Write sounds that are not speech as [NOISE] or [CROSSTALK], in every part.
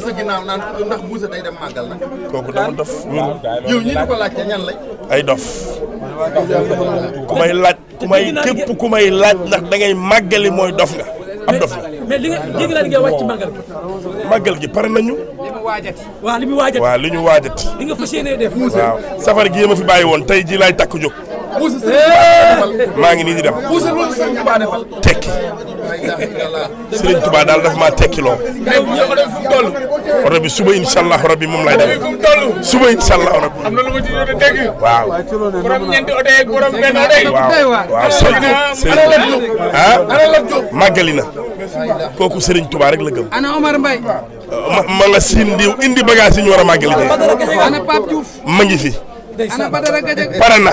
ci sa ginnaaw ndax Boucher day dem màggal kooku dama dof. yow ñi di ñan lañ. ay dof. ku may laaj ku may képp ku may laaj ndax dangay màggali mooy dof nga ab dof nga. mais li nga léegi lan ngay wàcc màggal gi. màggal gi pare nañu. waa li mu waajati waaw li ñu waajat li nga waaw safar gi yéen a fi bàyyi woon tey jii laay takk jóg. maa ngi nii di dem tekki Serigne Touba daal daf maa tekki loo oto suba incha allah moom lay dem suba incha allah rabbi am na lu ma ci doon dégg waaw borom ñeenti oto yeeg borom benn oto yi waaw Serigne ah màggali na kooku Serigne Touba rek la gëm ana Omar Mbaye ma nga siin di indi bagage yi ñu war a màggali ana Pape fi ana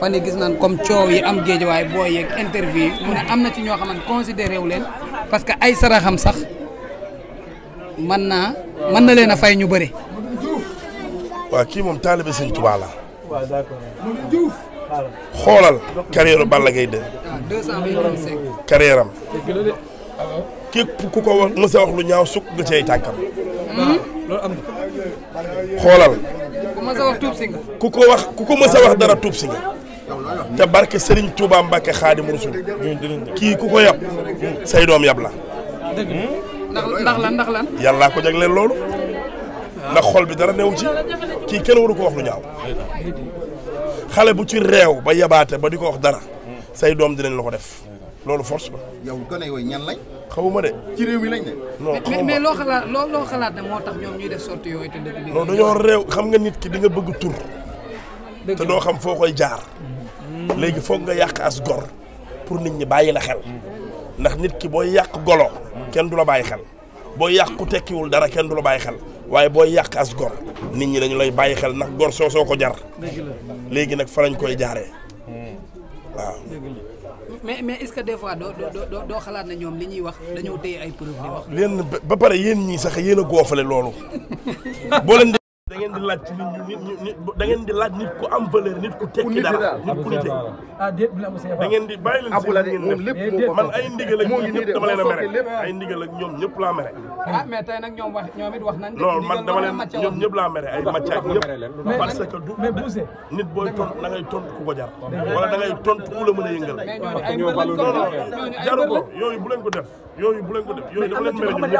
fan yi gis naan comme coow yi am waaye boo yeeg interview yi mu ne am na ci ñoo xamante considéré wu leen parce que ay saraxam sax mën naa mën na leen a fay ñu bëri. waaw kii moom taalibe sëñ Tuubaa la. waaw xoolal carrière Balla Gaye 2. Ah, carrière am. ku ko wax wax lu ñaaw sukk nga cay tànkam. loolu am xoolal. ku ko wax wax dara tuub si nga. te barke sëriñ Touba Mbacke Xaadimu Rasuul kii ku ko yab say doom yab la. dëgg ndax ndax ko jagleel loolu. ndax xol bi dara newu ci kii kenn waru ko wax lu ñaaw. xale bu ci réew ba yabaate ba di ko wax dara. say doom dinañ la ko def. loolu force ba. yow gone yooyu ñan lañ. xawuma de. ci réew mi lañ ne. non xawuma mais loo xalaat loo xalaat ne moo tax ñoom ñuy def sorti yooyu te dëgg non dañoo réew xam nga nit ki di nga bëgg tur. te doo xam foo koy jaar. léegi foog nga yàq as pour nit ñi bàyyi la xel ndax nit ki booy yàq golo kenn du la bàyyi xel booy yàq ku tekkiwul dara kenn du la bàyyi xel waaye booy yàq as nit ñi dañu lay bàyyi xel ndax gor soo soo ko jar léegi nag fa lañ koy jaaree waaw mais mais est-ce que des fois doo doo doo xalaat na ñoom li ñuy wax dañoo téye ay preuve di wax. leen ba pare yéen ñii sax yéen a goofale boo leen [LAUGHS] ngeen di laaj ci nit nit da ngeen di laaj nit ku am valeur nit ku tekki dara nit ku nite ah, da ngeen di bàyyi leen seen ngeen man ay ndigal ak ñoom ñëpp dama leen a mere ay ndigal ak ñoom ñëpp laa mere ah mais tey nag ñoom wax ñoom it wax nañ non man dama leen ñoom ñëpp laa mere ay macca ak ñëpp parce que du nit booy tontu da ngay tontu ku ko jar wala da ngay tontu ku la mën a yëngal non non jaru ko yooyu bu leen ko def yooyu bu leen ko def yooyu dama leen mere ñoom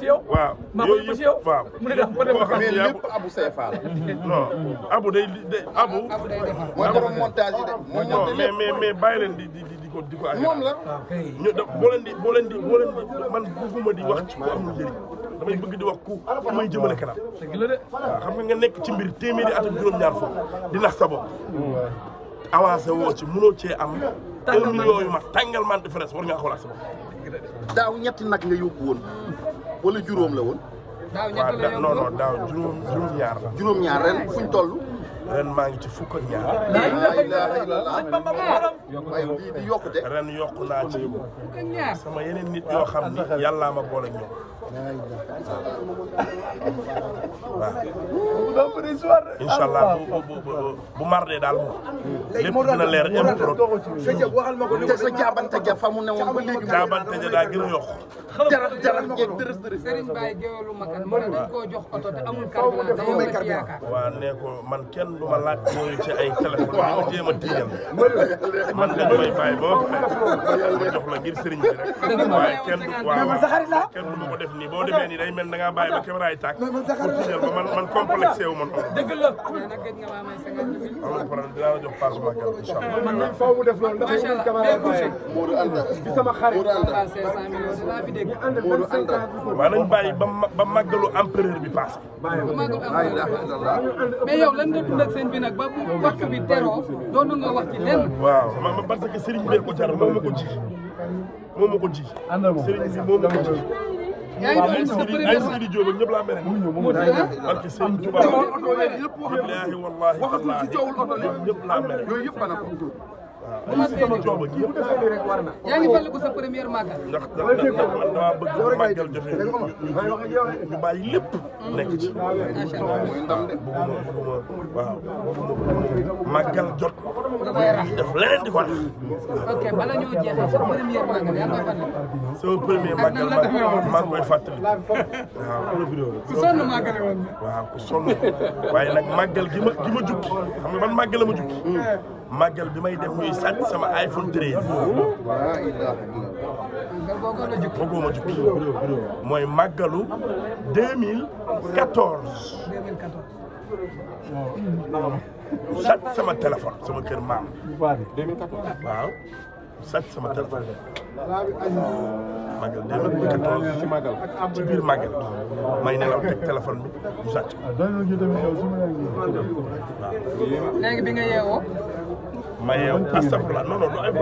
ñëpp waaw yooyu yëpp waaw boo abu CFA la. [LAUGHS] non abu day day abu. abu day defar mooy borom montage yi leen di di di ko di boo leen di boo leen di boo leen di wax ci ku amul njëriñ damay bëgg di wax ku may jëmale kanam. de waaw xam nga nga nekk ci mbir téeméeri at ak juróom-ñaar foofu di nax woo ci mënoo cee am. tàngal man ma tàngal man di fres war ngaa xoolaat sa daaw ñetti nag nga yóbbu woon wala juróom la woon. daaw ñett la daaw juróom juróom-ñaar yaar juróom-ñaar ren fu ñu toll. ren maa ngi ci fukk ak ñaar. ren yokku naa ci sama yeneen nit yoo xam ni yàllaa ma boole ñoom. waaw. incha allah bu bu bu mardee daal moom. lépp dina leer émission. sëñ waxal ma ko te sa jaabante ja fa mu ne woon ba léegi. jaabante ja daa gën a yokku. jara jara jeeg dërës dërës. Serigne Baye Géwélu Makan mën nañ koo jox oto te amul carburant. waaw nee ko man kenn. du ma laaj mooy ci ay téléphone di ma jéem a tiiñal man dañ may bàyyi ba ma pare ma jox la ngir sëriñ bi rek waaye kenn du waaw kenn du ma ko def nii boo demee nii day mel na ngaa bàyyi ba caméra yi tàkk pour tiiñal ba man man complexé wu ma noonu dëgg la amul problème dinaa la jox passe ma gàll incha allah man nañ faaw mu def loolu ndax ñu caméra bàyyi Modou Anta di sama xarit Modou Anta waaw nañ bàyyi ba ba màggalu empereur bi passé mais yow lan nga dund ak sëñ bi nag ba bu waxtu bi teroo doon nga wax ci lenn. waaw ma parce que sëriñ bi ko jar moom ma ko ji moom ma ko ji. sëriñ bi moom ma ko ji. yaa ngi doon sa premier ay Sidi Diop ak ñëpp laa dee ah. parce que Serigne Touba. yëpp waxatu bu ma seetlu bu defee nii rek war na. yaa ngi fàttaliku sa première màggal. ndax ndax man damaa bëgg màggal jotee ñu bàyyi lépp. nekk ci. macha allah mooy ndam de. bëgguma bëgguma waaw bëgguma màggal jot. ñu def leneen di ko def. ok bala ñoo jeexal sa première màggal yaa ngi koy fàttali. sa première màggal maa ngi koy fàttali. waaw. ku sonn màggale woon. waaw ku sonn waaye nag màggal gi ma gi ma jukki xam nga man màggal la ma jukki. Mm. màggal bi may def ñuy sàcc sama iPhone 13. bëggoo ma jukki mooy màggalu 2014. sàcc sama téléphone sama kër maam. waaw. sàcc sama téléphone magal 2014 ci magal ci biir magal may nelaw teg téléphone bi ñu sàcc ko. waaw. léegi nga yeewoo. ma yeewu astafurlah non non non ay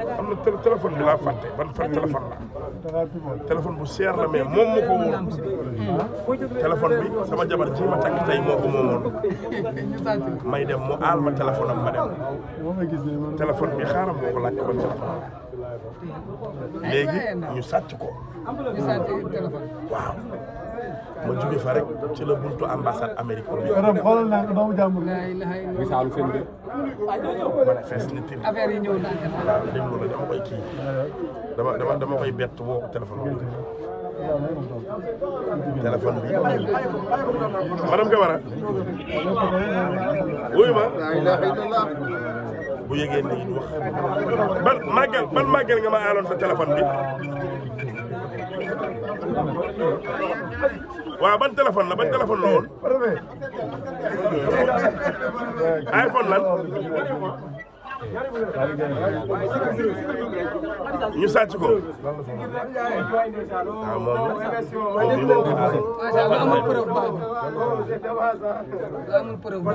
am na téléphone bi laa fàtte ban fan téléphone la bu seer la mais moom ma ko woon téléphone bi sama jabar ji ma takk tey moo ko moomoon may dem mu aal ma téléphone am ma dem téléphone bi xaaral moo ko laaj ko ban téléphone léegi ñu sàcc ko waaw ma jóge fa rek ci la buntu ambassade Amérique bi. xoolal naa ko doomu jàmbur. misaalu seen bi. man fees na télé. affaire yi ñëw naa déglu la dama koy kii dama dama dama koy bett woo ko téléphone téléphone bi madame Camara wuyu ma bu yëgee ne wax ban màggal ban màggal nga ma aaloon sa téléphone bi waaw ban téléphone la ban téléphone la woon iPhone lan ñu sàcc ko. ah moom la amul preuve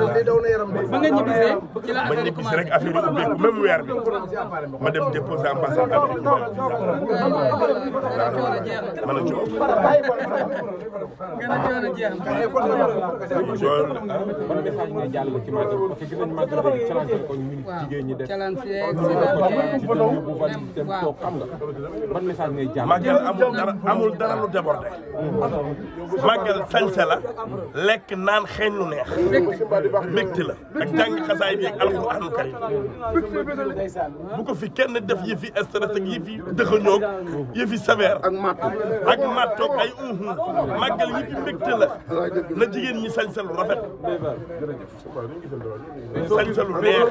ba nga ñibbisee ci la affaire commencé rek affaire yi ubbeeku même weer bi ma dem déposé ambassade ak ñu ma ne coono jeex na. Ah. ma def toog xam nga ban message ngay jàmm màggal amul dara amul dara lu débordé màggal sañse la lekk naan xeeñ lu neex mbégte la ak jàng xasaay bi ak alxuraan karim bu ko fi kenn def yëfi stress ak yëfi dëxañoog yëfi sévère ak matt ak mattoog ay uhu màggal yëfi mbégte la na jigéen ñi sañse lu rafet sañse lu neex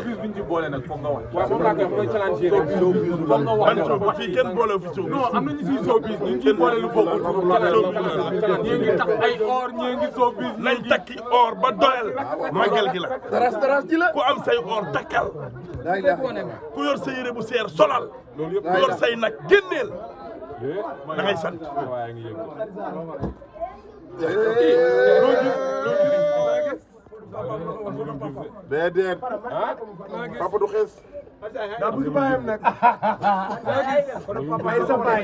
moom nga wax. waaw moom laa koy mooy challenger rek. moom nga wax man ngi ciy boole lu takki or ba doyal. magal gi la. la. ku am say or takkal. ku yor sa yére bu seer solal. loolu yëpp ku yor say nag génneel. da déedéet ah, papa du xees. ndax bu ñu bàyyam nag. ay sa baay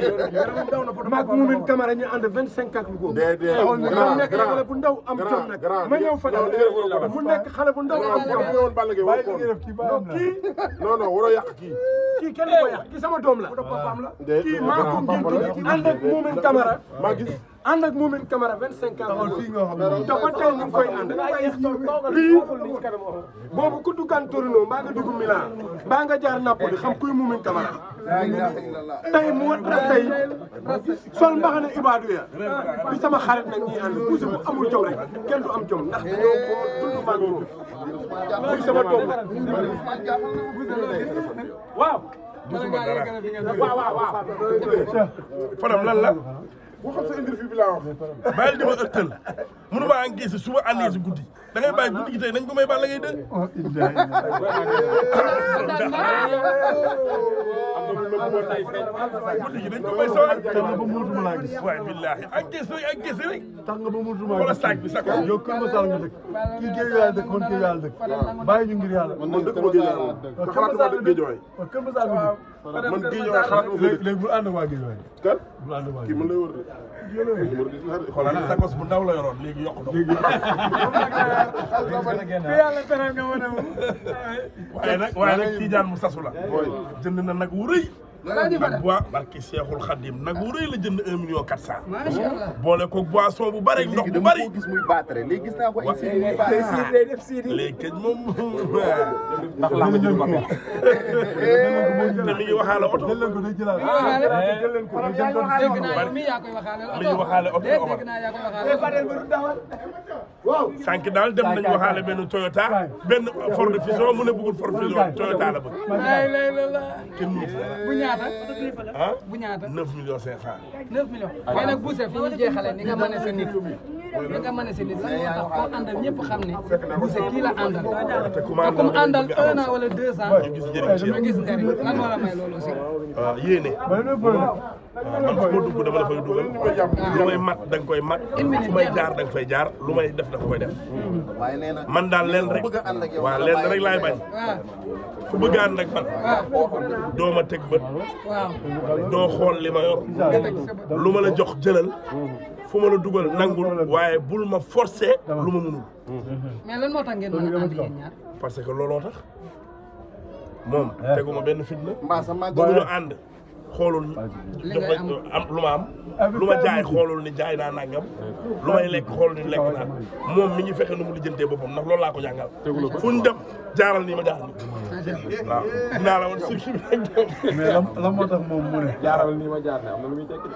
maag Moumin Camara ñu ànd vingt cinq ak lu ko. déedéet mu nekk xale bu ndaw am jom nag. ma ñëw fa mu nekk xale bu ndaw am jom. bàyyi li nga def kii bàyyam la kii. non non waroo yàq kii. kii kenn du ko yàq kii sama doom la. kii maa ko ngeen ànd ak Moumin Camara maa gis. ànd ak Mouhamed Camara 25 ans dafa tey ñu ngi koy ànd lii boobu ku duggaan Torino mbaa nga dugg Milan mbaa nga jaar Napoli xam kuy Mouhamed Camara tey mu wat rasey sol mbaxana ibaadu bi sama xarit nag ñuy ànd puusi bu amul jom rek kenn du am jom ndax dañoo ko dund maag moom muy sama doom waaw Fadam lan waxal sa interview bi laa wax. bàyyil di ma ëttal mënu maa ngi gis suba àndee si guddi da ngay bàyyi guddi gi tey nañ ko may baal la ngay dégg. guddi gi dañ ko may sawar. tax nga ba mënatuma gis. waay billaahi encaisse rek encaisse rek. tax nga ba mënatuma laa gis saak bi saak yow kër ma saal nga dëkk kii géej yàlla dëkk man géej yàlla dëkk. bàyyi ñu ngir yàlla. man dëkk ma géej yàlla man xalaatuma dëkk géej waay. man géej waay xoolal sa gos bu ndaw la yoroon léegi yokku doon. yàlla teral nga ma ne moom. waaye nag waaye nag Tidiane mu sasu la. jënd na nag wu rëy. nag boi barki Seexul Xadim nag bu rëy la jënd un million quatre cent boole ko boisson bu bëri ndox bu bëri gis muy battre léegi gis naa ko ay sii lay def sii léegi kañ moom ndax la ma jël ko te mi ngi waxaale oto jël leen ko day jëlaat jël leen ko mi ngi waxaale oto mi ngi waxaale oto waaw sànq daal dem nañu waxaale benn Toyota benn Ford Fusion mu ne bëggul Ford Fusion Toyota la bëgg. lay lay la la. kenn mu bu ñaata. ah bu ñaata. 9 millions 500. 9 fi ñu ni nga mën a sa nit. ni nga mën a sa nit lan moo tax koo àndal ñëpp xam ne Bousse kii la àndal. te comme àndal un an wala deux ans. ñu gis njëriñ ci yow ñu loolu aussi. waaw ah, man fu ma dugg dama la fay dugal lu mat da koy mat fu may jaar da nga fay jaar lu may def da nga koy def man daan leen rek waaw leen rek laay bañ ku bëgg ànd ak man doo ma teg bët doo xool li ma yor lu ma la jox jëlal fu ma la dugal nangul waaye bul ma forcé lu ma mënul mën a parce que looloo tax moom eh. teguma benn fitna bëgg ñu ànd xoolul dafa am lu ma am lu ma jaay xoolul ni jaay naa nangam lu may lekk xoolul ni lekk naa moom mi ngi fexe nu mu lijjantee boppam ndax loolu laa ko jàngal fu ñu dem jaaral nii ma jaaral nii. waaw dinaa la woon si mais lan lan moo tax moom mu ne. jaaral nii ma jaar ne am na lu muy tekki.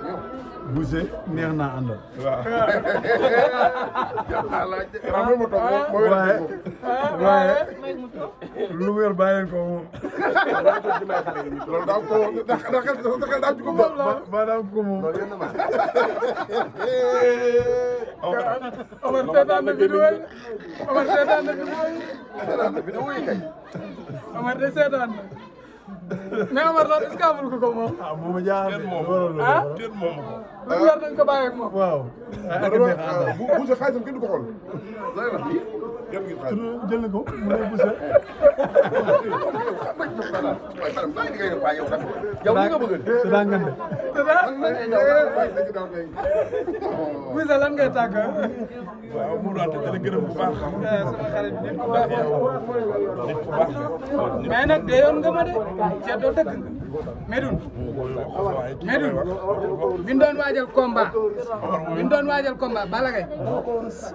Boucher neex naa àndal. waaw. waaye waaye lu wér bàyyi leen ko moom. loolu daa ko daa daa ko maanaam ko moom. Omar seetaan na vidéo yi Omar seetaan na vidéo yi wuy kay. Amar de seetaan na. mais Amar loolu est-ce que amul ko ko moom. ah moom a jaaxal déet moom ko. lu wér nañ ko bàyyi ak moom. waaw. Ah, ah, bu bu buuse xaalisam kenn du ko xool. lay la jël ngeen xaalis jël na ko mu [LAUGHS] lay buuse. yow li nga bëgg. Wiza a ngay tàgg. waaw mu daal di leen gërëm bu baax. sama xarit nit ku baax nit ku baax. mais nag de yoon nga ma de ceeb doo dëgg doon waajal combat. bi doon waajal combat Balla Gaye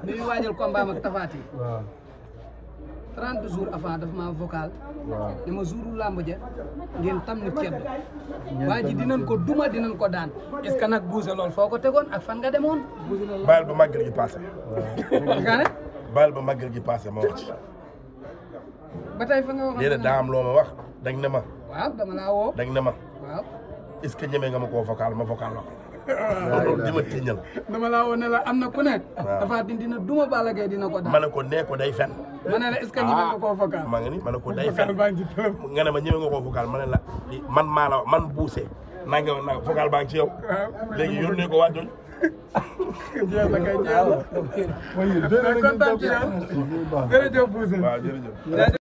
bi ñu waajal combat trente jours avant daf ma vocal. ne ma jouru làmb ja ngeen tam nu ceeb waa ji dinañ ko duma dinañ ko daan est-ce que nag buuse lool foo ko tegoon ak fan nga demoon. bàyyil ba màggal gi passé. nga ne. ba màggal gi passé ma wax ci. ba tey nga wax daa am loo ma wax dañ ne ma. waaw dama laa woo. dañ ne ma. waaw est-ce que ñeme nga ma koo vocal ma vocal la waaw di ma tiñal dama laa woon ne la am na ku ne. dafa dindi na duma Balla Gaye dina ko daan. ma ne ko nee ko day fen. ma ne la est ce ma ne ko day fen nga ne ma ñeme nga koo ma la man maa man buuse naa ngi woon naa focal baa ngi ci yow. léegi yónnee ko waa